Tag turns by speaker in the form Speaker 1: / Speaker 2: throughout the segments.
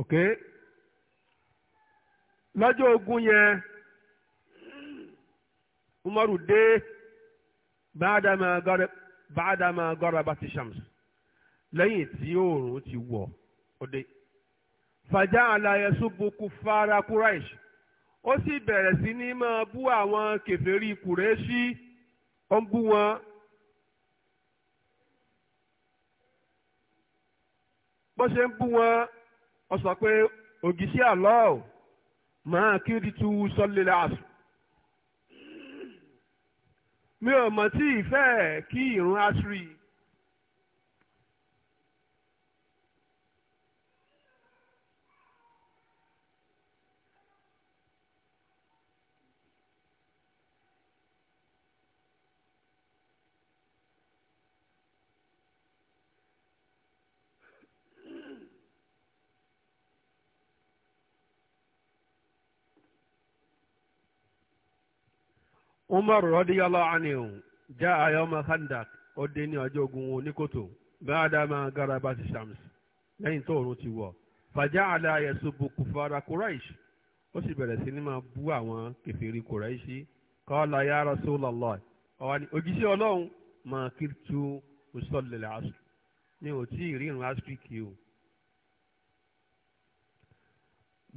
Speaker 1: ok lọ́jọ́ ogun yẹn umaru dé bàdàmà gọrẹ bàdàmà gọrẹ bá ti shams lẹ́yìn tí oòrùn ti wọ̀ ọdẹ fàjà àlàyé ṣubúkú fara kúráìṣì ó sì bẹ̀rẹ̀ sí ní máa bú àwọn kèfèrí kùrẹ́ṣì ó ń bú wọn. bó ṣe ń bú wọn ó sọ pé òjíṣẹ́ àlọ́ máa kiri tu sọ́lélẹ̀ àṣù. mi ò mọ̀ tí ìfẹ́ kí ìrún àṣírí umar radiyallahu anhu jaa yawma khandak ó dé ní ọjọ́ ogun oníkòtò ba'dama garabat shams lẹ́yìn tó oòrùn ti wọ̀ faja'ala yasubbu kufara quraish ó sì bẹ̀rẹ̀ sí ní máa bú àwọn kèfèrí quraishi qala ya rasulallah ọ̀wá ni òjíṣẹ́ ọlọ́run ma kirtu usalli al-asr mi ò tí ì rí ìrun asri kí o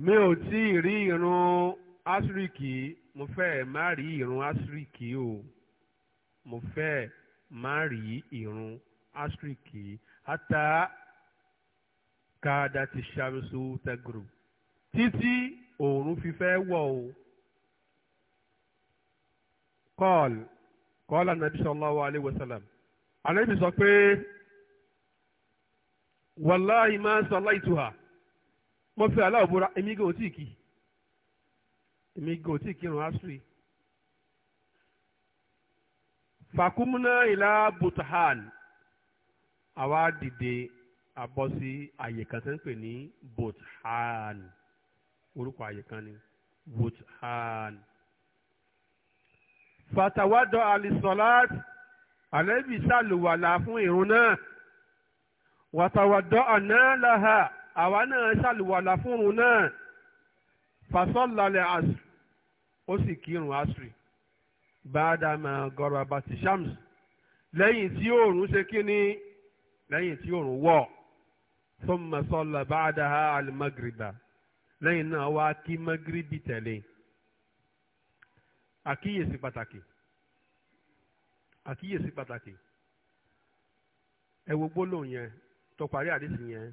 Speaker 1: mi ò tí ì rí ìrun asri kí mo fẹ́ má rí ìrun asiri kí o mo fẹ́ má rí ìrun asiri kí ata káàdá ti ṣàmùsù tẹgùrù títí òòrùn fi fẹ́ wọ̀ o. kọ́ọ̀lù kọ́ọ̀lù anabi sallallahu alayhi wa sallam anabi sọ pé wàláhì máa ń sọ aláìtuhà mo fẹ́ aláwọ̀ búra èmi kò tí ì kì í èmi gan tí kírun asiri fàkúmúná ìlà butahan àwa dìde abọ́ sí àyè kan tó ń pè ní butahan orúkọ àyè kan ni butahan fatawadọ alisolat alẹ́bí sàlùwàlà fún ìrun náà wàtàwàdọ àná làhà àwa náà sàlùwàlà fún ìrun náà fasọ́lálẹ̀ àṣù ó sì kírun asri bàdàmà gọrọbàtì shams lẹ́yìn tí oòrùn ṣe kíni lẹ́yìn tí oòrùn wọ̀ thumma salla ba'daha al-maghriba lẹ́yìn náà wá kí magribi tẹ̀lé àkíyèsí pàtàkì àkíyèsí pàtàkì ẹ wo gbólóhùn yẹn tó parí yẹn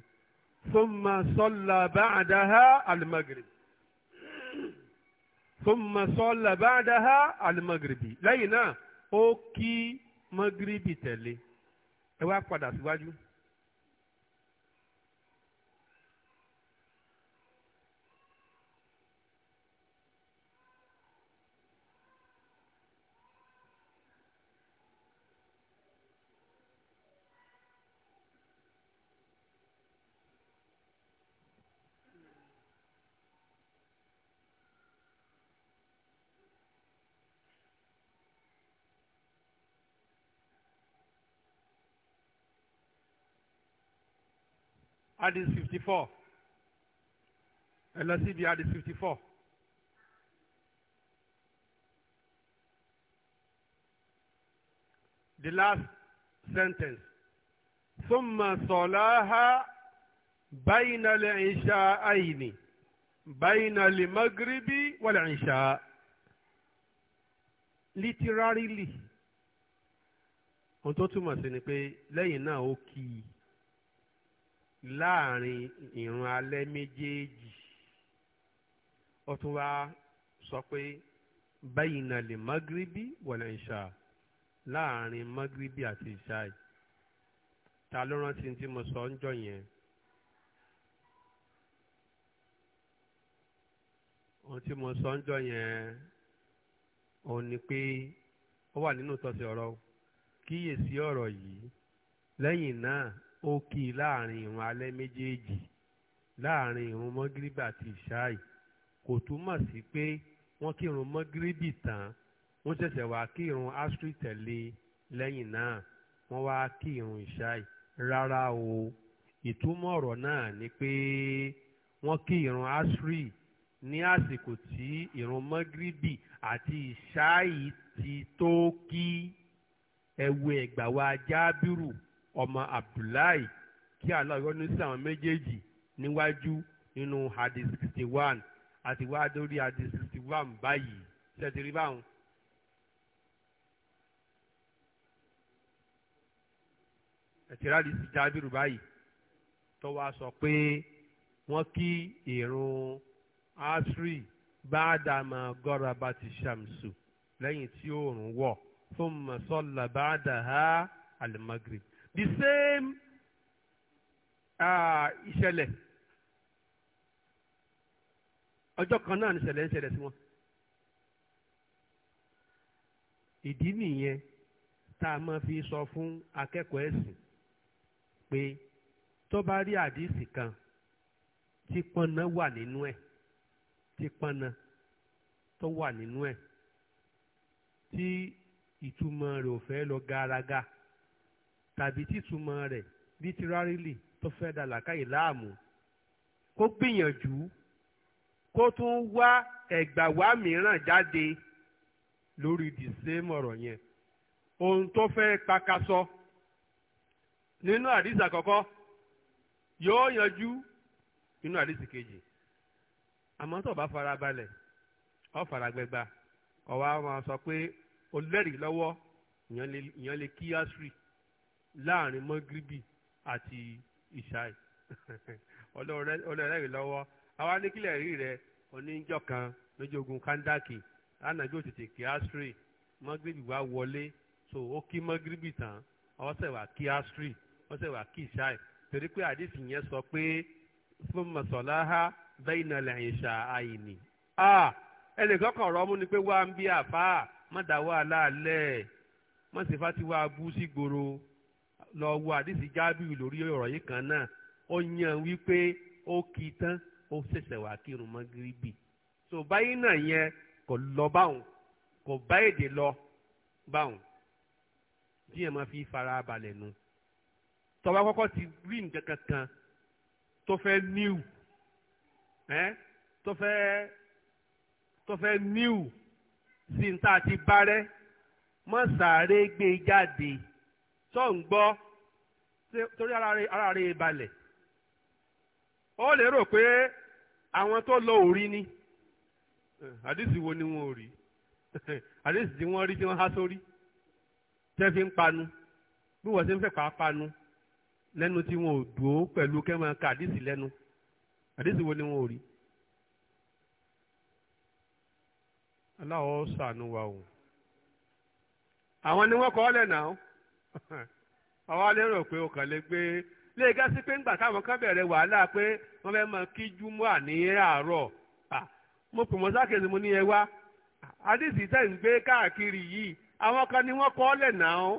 Speaker 1: thumma salla ba'daha al thumma salla ba'daha al-maghribi lẹ́yìn náà ó kí magribi tẹ̀lé ẹ wá padà síwájú. Si hadith 54. four ẹ lọ síbi hadith fifty four. the last sentence ثم صلاها بين العشاءين بين المغرب والعشاء literally ohun tó túmọ̀ sí ni pé lẹ́yìn náà ó kí láàrin ìrun alẹ́ méjèèjì ó tún wá sọ pé bayna lè magribi wal ìṣà láàrin magribi àti ìṣà yìí ta ló rántí tí mo sọ ń jọ yẹn ohun tí mo sọ ń jọ yẹn òun ni pé ó wà nínú tọ́sí ọ̀rọ̀ kíyèsí ọ̀rọ̀ yìí lẹ́yìn náà ó kì í láàrin ìrun alẹ́ méjèèjì láàrin ìrun mọ́gíríbì àti ìṣáì kò túmọ̀ sí pé wọ́n kírun mọ́gíríbì tán wọ́n ṣẹ̀ṣẹ̀ wá kírun áṣírí tẹ̀lé lẹ́yìn náà wọ́n wá kírun ìṣáì rárá o ìtumọ̀ ọ̀rọ̀ náà ni pé wọ́n kí ìrun áṣírí ní àsìkò tí ìrun mọ́gíríbì àti ìṣáì ti tó kí ẹ̀wù ẹ̀gbà wa jábírù ọmọ abdullahi kí Allah yọ́nú sí àwọn méjèèjì níwájú nínú hadith sixty one àti wá dórí hadith sixty one báyìí ṣètìrí báwọn. ẹ̀tìrá hadith jábìrù báyìí tó wá sọ pé wọ́n kí ìrun asri báàdàmà gọ́ràbà ti ṣàmùsù lẹ́yìn tí oòrùn wọ̀ fún mọ̀sọ́lá báàdà ha the same ah, ìṣẹ̀lẹ̀ ọjọ́ kan náà ni ìṣẹ̀lẹ̀ ń ṣẹlẹ̀ sí wọn. ìdí nìyẹn tá a máa fi sọ fún akẹ́kọ̀ọ́ ẹ̀sìn pé tó bá rí àdìsí kan tí pọ́nà wà nínú ẹ̀ tí pọ́nà tó wà nínú ẹ̀ tí ìtumọ̀ rẹ̀ ò fẹ́ lọ gàràgà. Ga tàbí títúmọ̀ rẹ̀ literally tó fẹ́ da làákàyè láàmú kó gbìyànjú kó tún wá ẹ̀gbà wá mìíràn jáde lórí the same ọ̀rọ̀ yẹn ohun tó fẹ́ pakasọ nínú àdìsí àkọ́kọ́ yóò yanjú nínú àdìsí kejì àmọ́ tó bá fara balẹ̀ ọ fara gbẹgba ọ̀wá máa sọ pé olẹ́rìí lọ́wọ́ ìyẹn lè kí àṣírí láàrin mọ́gíríbì àti ìṣáì ọlọ́rẹ́ lọ́wọ́ àwa ní kílẹ̀ rí rẹ oníjọ́ kan lójú ogun kandaki lánàájú òtítì kíástrì mọ́gíríbì wá wọlé so ó kí mọ́gíríbì tán ọ̀sẹ̀ wà kíástrì ọ̀sẹ̀ wà kí ìṣáì torí pé àdìsí yẹn sọ pé fún mọ̀sálàhà bẹ́ẹ̀ náà lẹ́yìn ìṣà àìní. ẹnìkan kan rọ́ mú ni pé wá ń bí àfáà má dá wàhálà lẹ̀ má sì ti wá bú sí gbòòrò. lọ wo àdìsí jábìrì lórí ọ̀rọ̀ yìí kan náà ó yan wípé ó kì í tán ó ṣẹ̀ṣẹ̀ wá kírun mọ́ gíríbì so báyìí náà yẹn kò lọ báwọn kò bá èdè lọ báwọn tí yẹn máa fi fara balẹ̀ nu tó bá kọ́kọ́ ti rí nǹkan kankan tó fẹ́ níwù ẹ́ tó fẹ́ tó fẹ́ níwù sí ní tá ti bá rẹ́ mọ́ sàárè gbé e jáde. Sọ ń gbọ́ torí ara rẹ̀ balẹ̀ ó lè rò pé àwọn tó lọ òrí ni àdìsí wo ni wọn ò rí àdìsí tí wọ́n rí tí wọ́n há sórí tẹ́ fi ń panu bí wọ́n ṣe ń fẹ́ pa panu lẹ́nu tí wọn ò dúó pẹ̀lú kẹ́mọ́ ká àdìsí lẹ́nu wo ni wọn ò rí. aláwọ̀ sànù wa o àwọn ni wọ́n kọ́ àwa lérò pé o kàn lè gbé lè ga sí pé ńgbà táwọn kan bẹ̀rẹ̀ wàhálà pé wọ́n fẹ́ mọ kí ní àárọ̀ mo pè mọ́ sákèsì mo ní ẹ wá àdìsí tẹ̀ ń gbé káàkiri yìí àwọn kan ni wọ́n kọ́ ọ́ lẹ̀ náà ó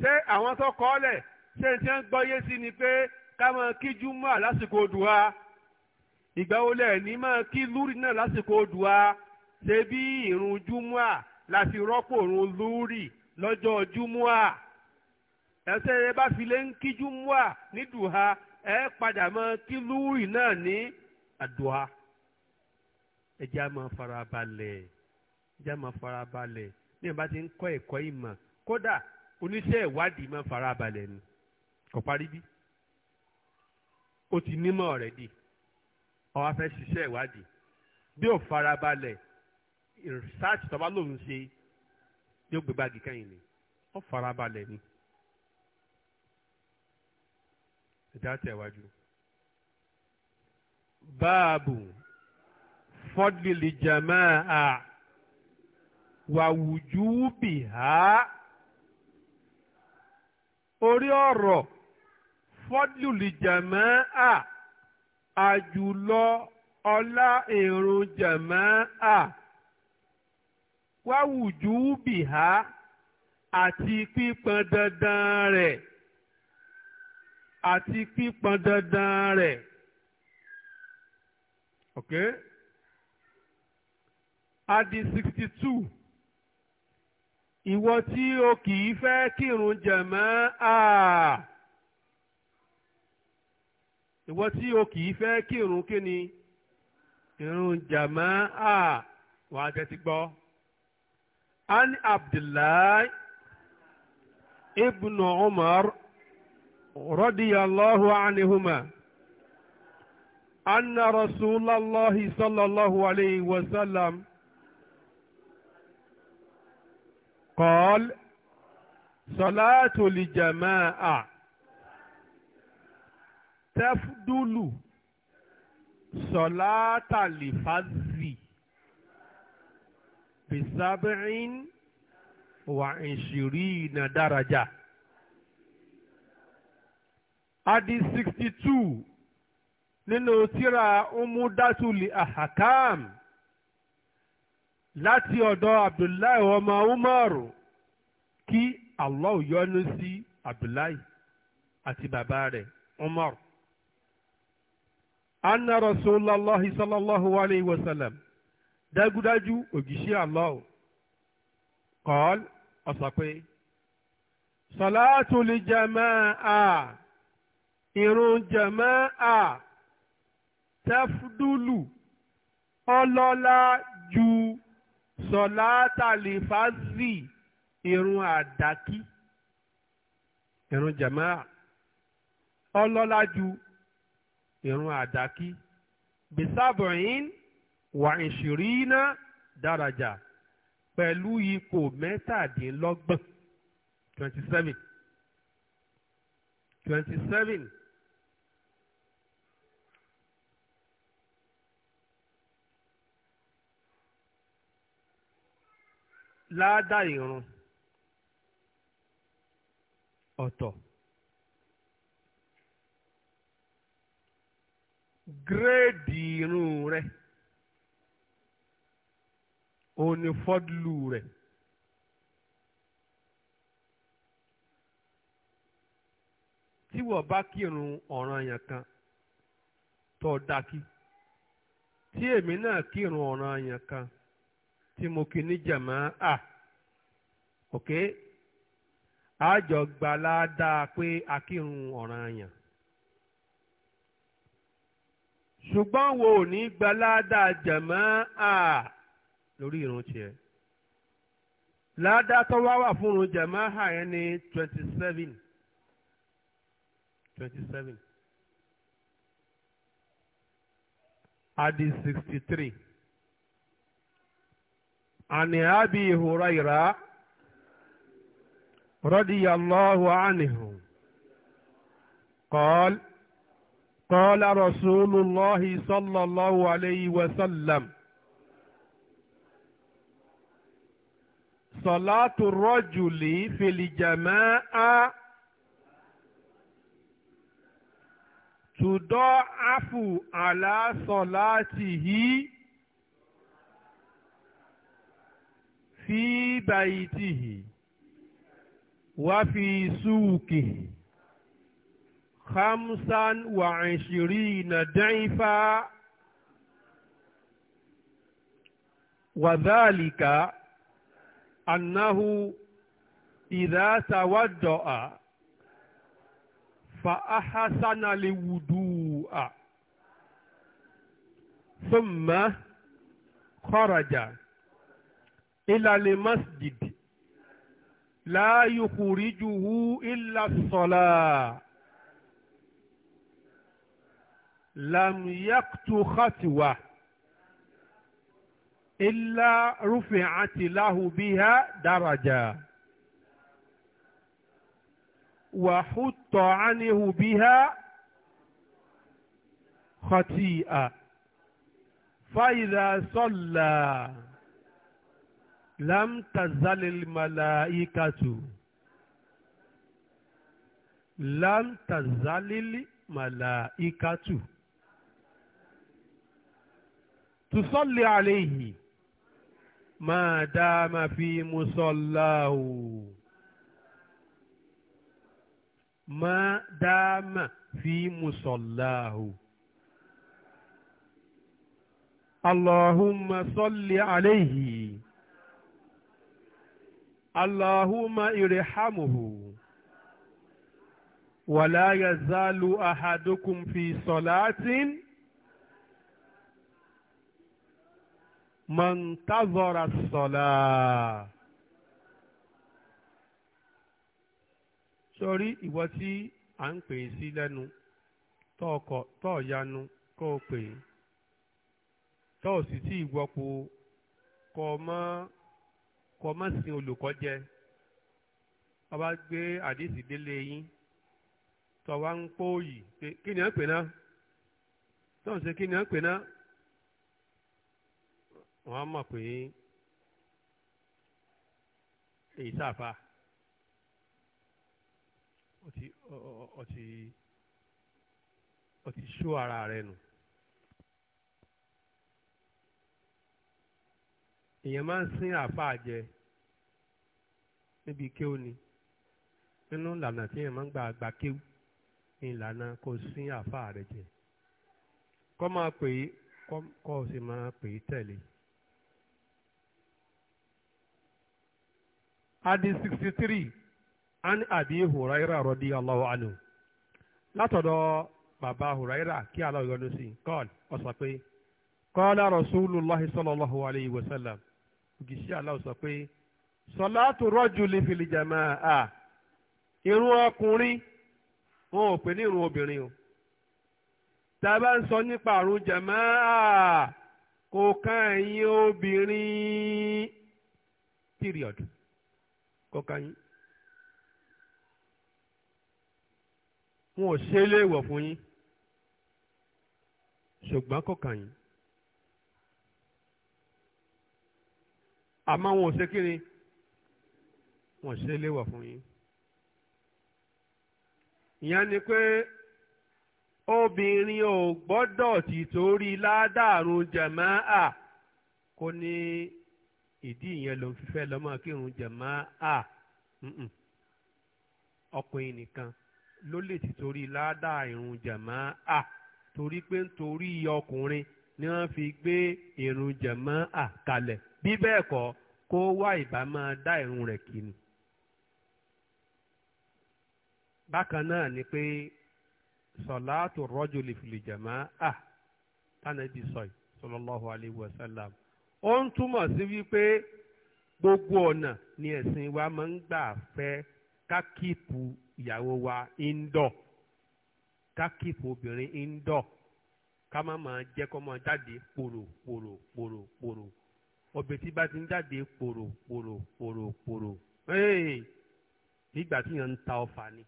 Speaker 1: ṣé àwọn tó kọ́ ọ́ lẹ̀ ṣé ti ń sí ni pé ká mọ kí lásìkò ìgbà wo lọ́jọ́ júmọ́à ẹsẹ̀ rẹ bá fi lé ń kí júmọ́à ní dùhà ẹ padà mọ kí lúwì náà ní àdùhà ẹ jẹ́ àmọ́ farabalẹ̀ ẹ jẹ́ ní ìbá ti ń kọ́ ẹ̀kọ́ ìmọ̀ kódà oníṣẹ́ ìwádìí máa farabalẹ̀ ni kò parí bí o ti nímọ̀ already ó wá fẹ́ ṣiṣẹ́ ìwádìí bí ò farabalẹ̀ research tó bá lòun ṣe yóò gbé báàgì kẹ́yìn ni ó farabalẹ̀ ni ìdá tẹ̀wájú. báàbù fọ́dìlì jàmáà wàwùjú bìhá orí ọ̀rọ̀ fọ́dìlì jàmáà àjùlọ ọlá èrò jàmáà wáwùjú bìhá àti pípọn dandan rẹ̀ àti pípọn dandan rẹ̀ ok adi sixty two ìwọ tí o kì í fẹ́ kírun jẹ̀mọ́ àà ìwọ tí o kì í fẹ́ kírun kí ni irun jẹ̀mọ́ àà wàá tẹ́tí gbọ́. عن عبد الله ابن عمر رضي الله عنهما أن رسول الله صلى الله عليه وسلم قال صلاة الجماعة تفضل صلاة الفذ bisabi'in wa ishirina daraja. Adi sixty two nínú tírà Umudatuli Ahakam láti ọ̀dọ̀ Abdullahi ọmọ Umaru kí Allah yọ́nú sí Abdullahi àti bàbá rẹ̀ Umar. Anna Rasulallahi sallallahu alayhi wa sallam dájúdájú òjíṣẹ́ Allah kọ́ọ́l ọ̀sọ̀ pé sọ̀látùlì jàmáà ìrun jàmáà tẹ́fúdúlù ọlọ́lá ju sọ̀látàlì fásì ìrun àdákí ìrun jàmáà ọlọ́lá ju ìrun àdákí bisabu'in wà ìṣìrínà dàrájà pẹ̀lú ipò mẹ́tàdínlọ́gbọ̀n twenty seven twenty seven láàdá ìrun ọ̀tọ̀ gírèdì irun rẹ̀. òun ni fọ́dùlù rẹ̀. tí wọ́n bá kírun ọ̀ràn yẹn kan tó dákí tí èmi náà kírun ọ̀ràn yẹn kan tí mo kí ní jàmá à ok àjọ gbalada pé akírun ọ̀ràn yẹn ṣùgbọ́n wo ò ní gbalada jàmá à. lórí irun tiẹ̀ ládàá tó wá wà fún irun jàmáà yẹn ní twenty seven twenty seven adi sixty three ani abi hurayra radiyallahu anhu qal qala rasulullah sallallahu alayhi wa sallam. sọ̀látù rọ́jùlì fìlìjàmẹ́ á tùdọ́ àfù àlásọ̀látìhí fi bàyìtìhí wá fi súùkì khamsan wa ishirina daifa wa dhalika أنه إذا توضأ فأحسن الوضوء ثم خرج إلى المسجد لا يخرجه إلا الصلاة لم يقت خطوه ilá rúfin àti láhùbíhá daraja wàhútọ̀ ánihùbíhá khati'a fáìlà sọ́là lámtàzálẹ̀ màláìkàtù lámtàzálẹ̀ màláìkàtù tùsọ́lẹ̀ àlẹ́ yìí. ما دام في مصلاه ما دام في مصلاه اللهم صل عليه اللهم ارحمه ولا يزال أحدكم في صلاة mọ̀ntàzọ́ra sọ̀lá. sórí ìwọ tí a ń pè é sí lẹ́nu tọ́ọ̀kọ̀ tọ́ọ̀yanu kó o pè é tọ́ọ̀ sì tí ìwọ́po kọ́ mọ́ kọ́ mọ́ sin olùkọ́ jẹ ọba gbé àdéhìí délé yín tọ́wá ń kí ni à ń pè náà kí ni à ń pè náà. wọ́n á mọ̀ pé èyí sáfà ọtí ọtí ṣó ara rẹ nù. èèyàn máa ń sin àáfàá jẹ níbi kéwù ni nínú ìlànà tí èèyàn máa ń gbà gbà ní ìlànà kò sin àáfàá rẹ jẹ kọ́ máa pè é kọ́ ọ sì máa pè é tẹ̀lé. adi sixty three an abi huraira rọdí allahu anhu látọ̀dọ̀ bàbá huraira kí ala yọ́nú sí kọ́ọ̀lù ó sọ kọl rasulillah sallallahu alayhi wa sallam ògìṣẹ́ ala sọ pé salatu rajuli fil jamaa irun ọkùnrin wọn ò pè ní irun obìnrin o ń sọ nípa àrùn kò kàn yín period. kọ́ka yín wọn ò ṣe é léèwọ̀ fún yín ṣùgbọ́n kọ́ka yín àmọ́ wọn ò ṣe kí ni wọn ò ṣe é léèwọ̀ fún yín ìyẹn ni pé obìnrin ò gbọ́dọ̀ tìtorí ládàrún jàmáà kò ní. ìdí ìyẹn ló ń fífẹ́ lọ́mọ kírun jẹ̀mọ́ à ọkùnrin nìkan ló lè ti torí ládàá ìrùn jẹ̀mọ́ à torí pé nítorí ọkùnrin ni wọ́n fi gbé ìrùn jẹ̀mọ́ à kalẹ̀ bí bẹ́ẹ̀ kọ́ kó wá ìbá dá ìrun rẹ̀ kìíní. wa ó ń túmọ̀ sí wípé gbogbo ọ̀nà ni ẹ̀sìn wa máa ń gbà fẹ́ ká ìyàwó wa indoor ká obìnrin indoor ká má máa jẹ́ kó máa jáde pòrò pòrò pòrò pòrò ọbẹ̀ bá ti ń jáde pòrò pòrò pòrò pòrò nígbà tí yẹn ń ta ọfà ni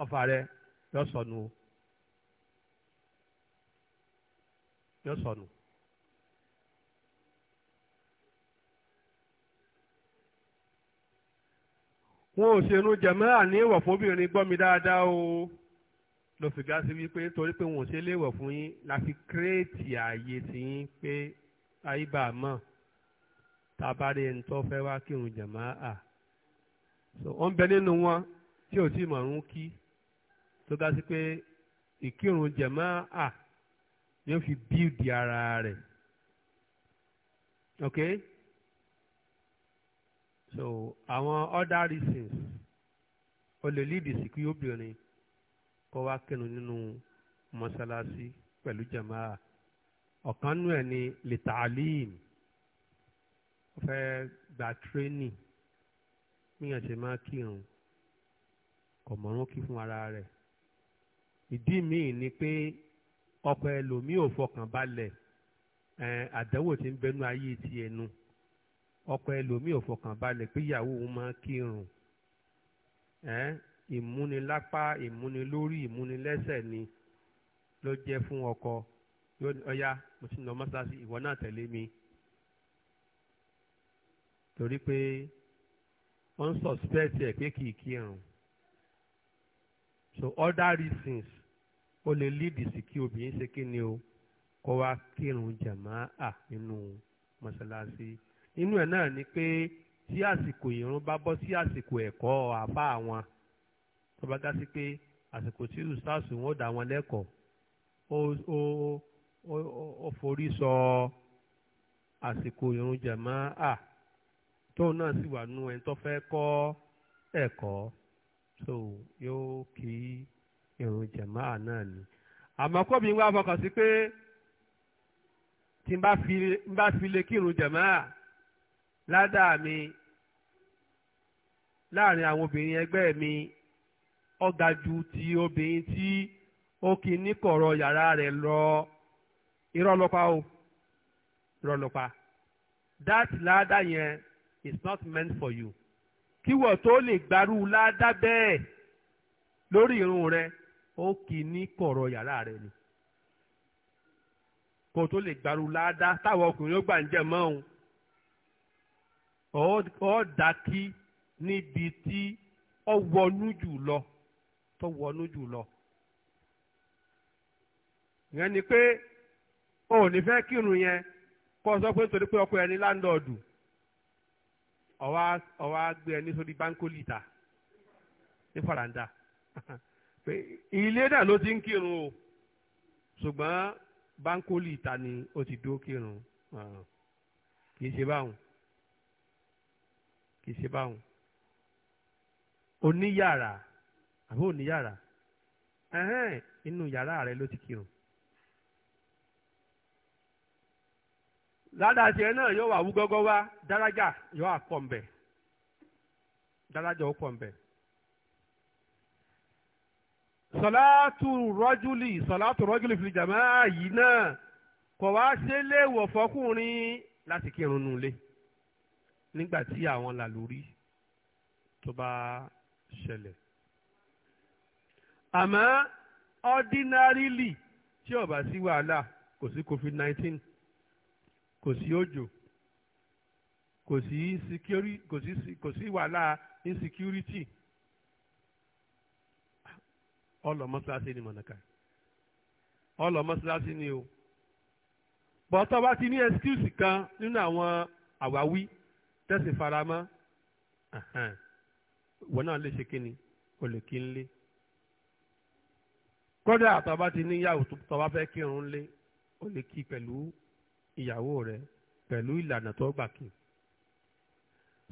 Speaker 1: nígbà rẹ yọ sọnù o. yóò sọnù. wọn ò ṣerun jẹ̀mẹ́rà ní ìwọ̀ fóbìnrin gbọ́ mi dáadáa o ló fìgá sí wípé torí pé wọn ò ṣe léèwọ̀ fún yín la fi kírèètì ààyè tí yín pé àyíbá mọ̀ tá a bá rí ẹni tó fẹ́ wá kírun jẹ̀mẹ́rà so ó ń bẹ nínú wọn tí ò tí mọ̀ọ́rún kí tó dá pé ìkírun jẹ̀mẹ́rà ni ó fi build ara rẹ̀ ok so àwọn other reasons ó lè lead sí kí obìnrin kó wá kẹnu nínú mọ́ṣáláṣí pẹ̀lú jamaa ọ̀kan nù ẹ̀ ni litalim ó fẹ́ gba training míyàn ṣe máa kírun kò mọ̀rún kí fún ara rẹ̀ ìdí míì ni pé ọ̀pọ̀ ẹlòmíì ò fọkàn balẹ̀ àdánwò tí ń bẹnu ayé ti ẹnu ọ̀pọ̀ ẹlòmíì ò fọkàn balẹ̀ pé ìyàwó òun máa kírun ìmúnilápá ìmúnilórí ìmúnilẹ́sẹ̀ ni ló jẹ́ fún ọkọ yóò ní ọyá mo ti lọ mọ́ṣáláṣí ìwọ náà tẹ̀lé mi torí pé wọ́n ń sọ̀spẹ́ẹ̀tì ẹ̀ pé kì kírun so other reasons ó lè líìdì sí kí obìnrin ṣe kí ni o kó wá kírun jàmáà nínú mọ́ṣáláṣí nínú ẹ̀ náà ni pé tí àsìkò ìrun bá bọ́ sí àsìkò ẹ̀kọ́ àbá àwọn tó bá dá sí pé àsìkò tí ustaasu wọn dá wọn lẹ́kọ̀ọ́ ó forí sọ àsìkò ìrun jàmáà tóun náà sì wà nù ẹni tó fẹ́ kọ́ ẹ̀kọ́ so yóò kí. ìrun jẹ̀máà náà ni àmọ́ kóbi wá fọkàn sí pé tí n bá fi lè kírun jẹ̀máà ládàá mi láàrin àwọn obìnrin ẹgbẹ́ mi ó ju ti obìnrin tí ó kì í ní kọ̀rọ̀ yàrá rẹ̀ lọ irọ́ ló o irọ́ ló that ládàá yẹn is not meant for you kí wọ́n tó lè gbarú ládàá bẹ́ẹ̀ lórí irun rẹ̀ ó kì í ní kọ̀rọ̀ yàrá rẹ̀ ni kò tó lè gbaru ládá táwọn ọkùnrin ó gbà ń jẹ mọ́ òun ọ̀ dákí níbi tí wọnú jù lọ tó wọnú lọ ìyẹn ni pé o ní fẹ́ kírun yẹn kó sọ pé nítorí pé ọkọ ẹni láńdọ̀ọ̀dù ọ̀wá gbé ẹ báńkólì pé ilé náà ló ti ń o ṣùgbọ́n bankoli ìta ni ó ti dúró kírun ah, kì í ṣe báwọn kì í ṣe báwọn oníyàrá àbí oníyàrá inú yàrá rẹ ló ti kírun. ládàá náà yóò wà wá yóò sọ̀látù rọ́júlì sọ̀látù rọ́júlì fil jamaa yìí náà kò wá ṣe léèwọ̀ fọkùnrin láti kírun nulẹ̀ nígbà tí àwọn làlórí tó bá ṣẹlẹ̀ àmọ́ ordinarily tí ó sí wàhálà kò sí covid nineteen kò sí òjò kò sí security kò sí wàhálà insecurity ọlọ mọ́ṣáláṣí ni mọ̀nàkà ọlọ mọ́ṣáláṣí ni o bọ́tọ́ bá ti ní ẹ́síkúùsì kan nínú àwọn àwáwí tẹ̀sí faramọ́ wọn náà lè ṣe kíni o lè kí n lé kódà àtọ́ bá ti níyàwó tó bá fẹ́ kírun lé o lè kí pẹ̀lú ìyàwó rẹ pẹ̀lú ìlànà tó gbà kí.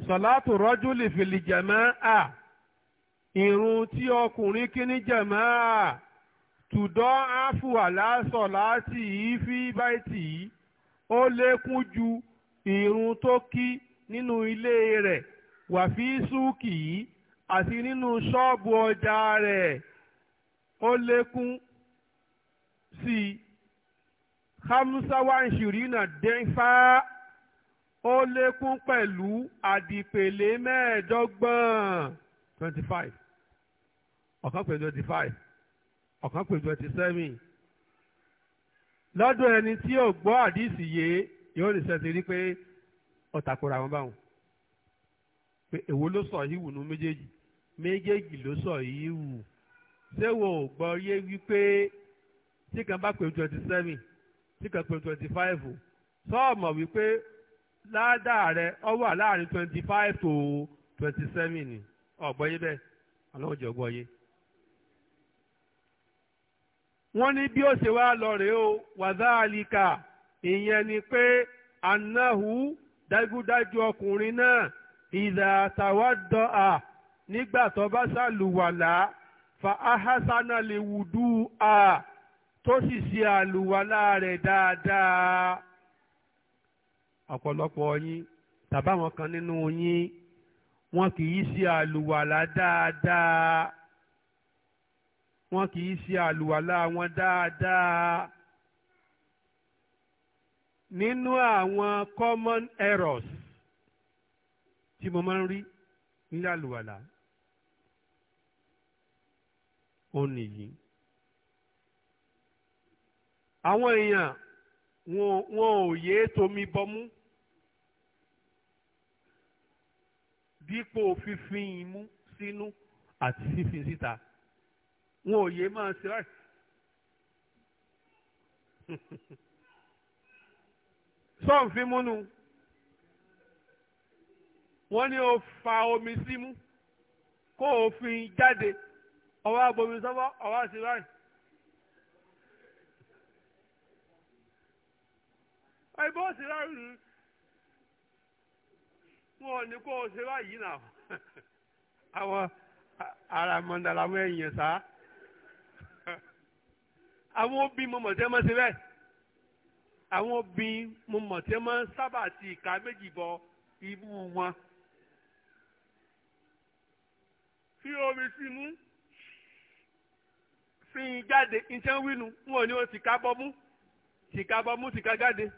Speaker 1: sọ̀látù rọ́jú lè fi lè jẹ̀mọ́ à ìrun tí ọkùnrin kíní jẹ̀mọ́ tùdọ́ áfùwà lásọ̀ láti yìí fi báyìí yìí ó lékún ju ìrun tó kí nínú ilé rẹ̀ wàfí súùkì yìí àti nínú ṣọ́ọ̀bù ọjà rẹ̀ ó lékún sí i hamsawanshirina dẹ́fà ó lékún pẹ̀lú àdìpèlé mẹ́ẹ̀ẹ́dọ́gbọ̀n twenty five ọ̀kan pé twenty five ọ̀kan pé twenty seven lọ́dọ̀ ẹni tí yóò gbọ́ àdìsí yé yóò lè ṣẹ́ni rí pé ọ̀tàkùrà wọn báwọn pé èwo ló sọ yìí wù nú méjèèjì méjèèjì ló sọ yìí wù ṣé wo ò gbọ́ yé wípé tí kan bá pé twenty seven tí kan pé twenty five sọ́ọ̀mọ̀ wípé ládàá rẹ ọ wà láàrin twenty five to twenty seven ni ọ̀gbọ́yé bẹ́ẹ̀ ọlọ́run jẹ́ ọgbọ́yé wọ́n ní bí ó ṣe wá lọ rèé o wàzáàlìkà ìyẹn ni pé anahu dájúdájú ọkùnrin náà ìdá tàwádọ́ à nígbà tó bá ṣàlùwàlá fa ahasana lè wùdú à tó sì ṣe àlùwàlá rẹ̀ dáadáa. ọ̀pọ̀lọpọ̀ yín tàbáwọn kan nínú yín wọn kì í ṣe àlùwàlá dáadáa wọn kì í ṣe àlùwàlá wọn dáadáa nínú àwọn common errors tí mo máa ń rí nílẹ̀ àlùwàlá ó nìyí àwọn èèyàn wọn ò yéé tomi bọmú dípò fífín imú sínú àti fífín síta. Si wọn ò yé máa ṣe báyìí sọ́ǹfin múnú wọ́n ní o fa omi símú kó o fi jáde ọwọ́ abomi sọ́wọ́ ọwọ́ ṣe báyìí. àìbọ́ ṣe ráàlú wọn ò ní kó o ṣe báyìí náà àwọn àràmọ̀ndà làwọn èèyàn sáà àwọn obìnrin mo mọ̀ tí wọ́n máa ṣe bẹ́ẹ̀ àwọn obìnrin mo mọ̀ tí wọ́n máa sábà ti ìka méjì bọ imú wọn. fi omi sí mú fi jáde ìṣẹ́ wínú wọn ò ní o tìka bọ́ mú tìka bọ́ mú tìka jáde.